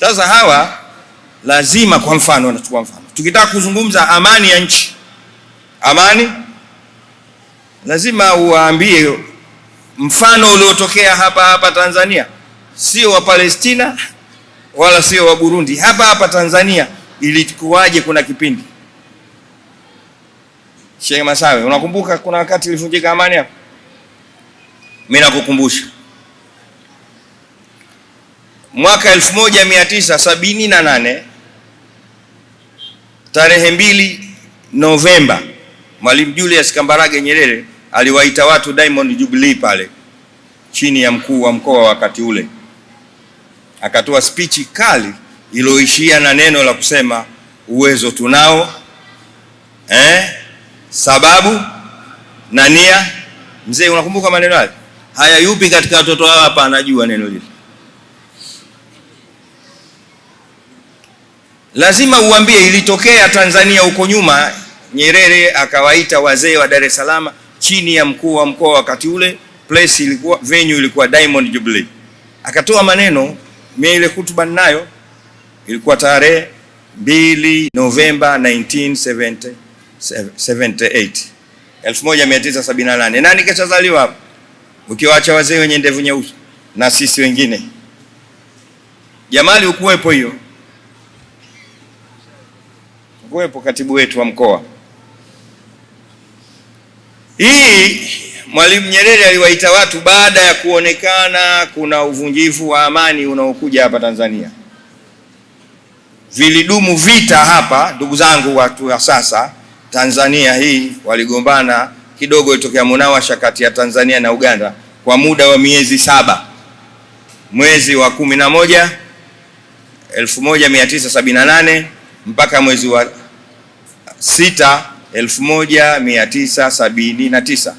Sasa hawa lazima, kwa mfano, anachukua mfano, tukitaka kuzungumza amani ya nchi, amani lazima uwaambie mfano uliotokea hapa hapa Tanzania, sio wa Palestina wala sio wa Burundi, hapa hapa Tanzania ilikuwaje? Kuna kipindi Sheikh Masawe, unakumbuka kuna wakati ilivunjika amani hapo? Mimi nakukumbusha mwaka 1978 tarehe mbili Novemba, Mwalimu Julius Kambarage Nyerere aliwaita watu Diamond Jubilee pale chini ya mkuu wa mkoa wakati ule, akatoa spichi kali iliyoishia na neno la kusema uwezo tunao, eh, sababu na nia. Mzee, unakumbuka maneno hayo? haya? Yupi katika watoto hawa hapa anajua neno hili? lazima uambie ilitokea Tanzania huko nyuma. Nyerere akawaita wazee wa Dar es Salaam chini ya mkuu wa mkoa wakati ule, place ilikuwa venue ilikuwa Diamond Jubilee, akatoa maneno mimi, ile hotuba ninayo, ilikuwa tarehe 2 Novemba 1978 1978. Nani kachazaliwa hapo, ukiwaacha wazee wenye ndevu nyeusi na sisi wengine? Jamali, ukuwepo hiyo kuwepo katibu wetu wa mkoa. Hii Mwalimu Nyerere aliwaita watu baada ya kuonekana kuna uvunjifu wa amani unaokuja hapa Tanzania. Vilidumu vita hapa, ndugu zangu, watu wa sasa Tanzania hii waligombana kidogo, ilitokea munawasha kati ya Tanzania na Uganda kwa muda wa miezi saba. Mwezi wa kumi na moja 1978 mpaka mwezi wa 6,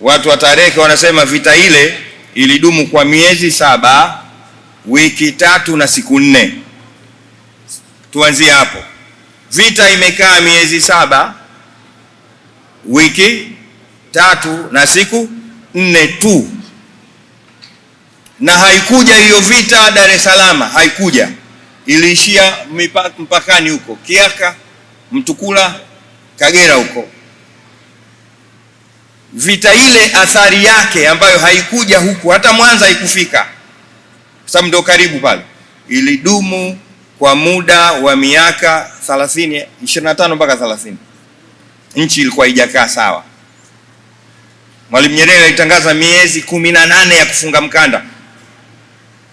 Watu wa tarehe wanasema vita ile ilidumu kwa miezi saba wiki tatu na siku nne. Tuanzie hapo, vita imekaa miezi saba wiki tatu na siku nne tu, na haikuja hiyo vita Dar es Salaam, haikuja, iliishia mpakani huko Kiaka Mtukula Kagera huko. Vita ile athari yake ambayo haikuja huku hata Mwanza haikufika, kwa sababu ndio karibu pale, ilidumu kwa muda wa miaka 30 25 mpaka 30. Nchi ilikuwa haijakaa sawa. Mwalimu Nyerere alitangaza miezi kumi na nane ya kufunga mkanda.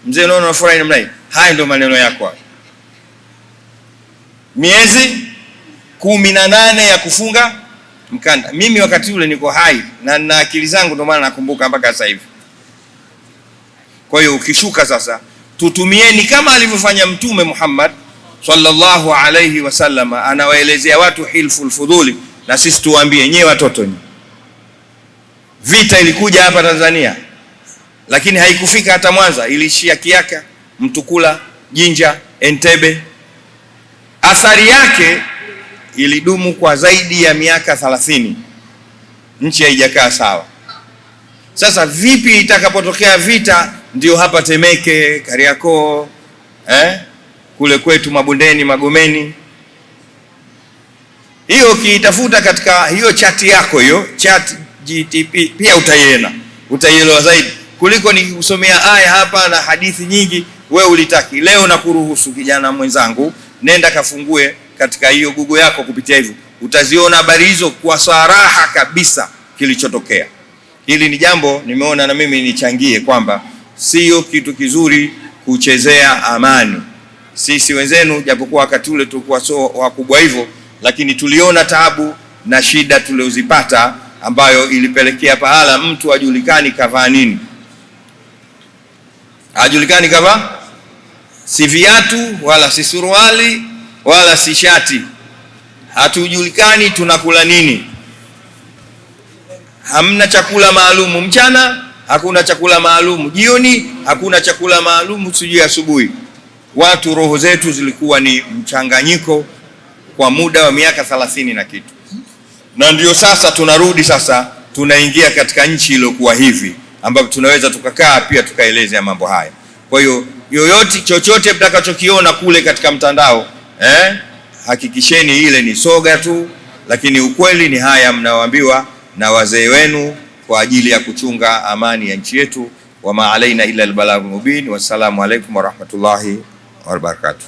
Mzee, unaona unafurahi namna hii? Haya ndio maneno yako, miezi kumi na nane ya kufunga mkanda. Mimi wakati ule niko hai na na akili zangu, ndio maana nakumbuka mpaka sasa hivi. Kwa hiyo ukishuka sasa, tutumieni kama alivyofanya Mtume Muhammad sallallahu alayhi wasallam, anawaelezea watu hilful fudhuli, na sisi tuwaambie nyewe watoto nye. Vita ilikuja hapa Tanzania lakini haikufika hata Mwanza, iliishia Kiaka, Mtukula, Jinja, entebe Athari yake ilidumu kwa zaidi ya miaka 30 nchi haijakaa sawa. Sasa vipi itakapotokea vita? Ndio hapa Temeke, Kariakoo, eh? kule kwetu Mabondeni, Magomeni. Hiyo ukiitafuta katika hiyo chati yako hiyo chat GTP pia utaiona, utaielewa zaidi kuliko nikusomea aya hapa na hadithi nyingi. We ulitaki leo, na kuruhusu kijana mwenzangu, nenda kafungue katika hiyo Google yako kupitia hivyo utaziona habari hizo kwa saraha kabisa kilichotokea. Hili ni jambo nimeona na mimi nichangie kwamba sio kitu kizuri kuchezea amani. Sisi wenzenu, japokuwa wakati ule tulikuwa so wakubwa hivyo, lakini tuliona taabu na shida tuliozipata, ambayo ilipelekea pahala mtu ajulikani kavaa nini, ajulikani kavaa si viatu wala si suruali wala si shati, hatujulikani tunakula nini. Hamna chakula maalumu mchana, hakuna chakula maalumu jioni, hakuna chakula maalumu sijui asubuhi. Watu roho zetu zilikuwa ni mchanganyiko kwa muda wa miaka thelathini na kitu, na ndio sasa tunarudi sasa, tunaingia katika nchi iliyokuwa hivi, ambapo tunaweza tukakaa pia tukaelezea mambo haya. Kwa hiyo yoyote, chochote mtakachokiona kule katika mtandao eh? Hakikisheni ile ni soga tu, lakini ukweli ni haya mnaoambiwa na wazee wenu kwa ajili ya kuchunga amani ya nchi yetu. Wama alaina illa albalagh mubin. Wassalamu alaikum warahmatullahi wabarakatuh.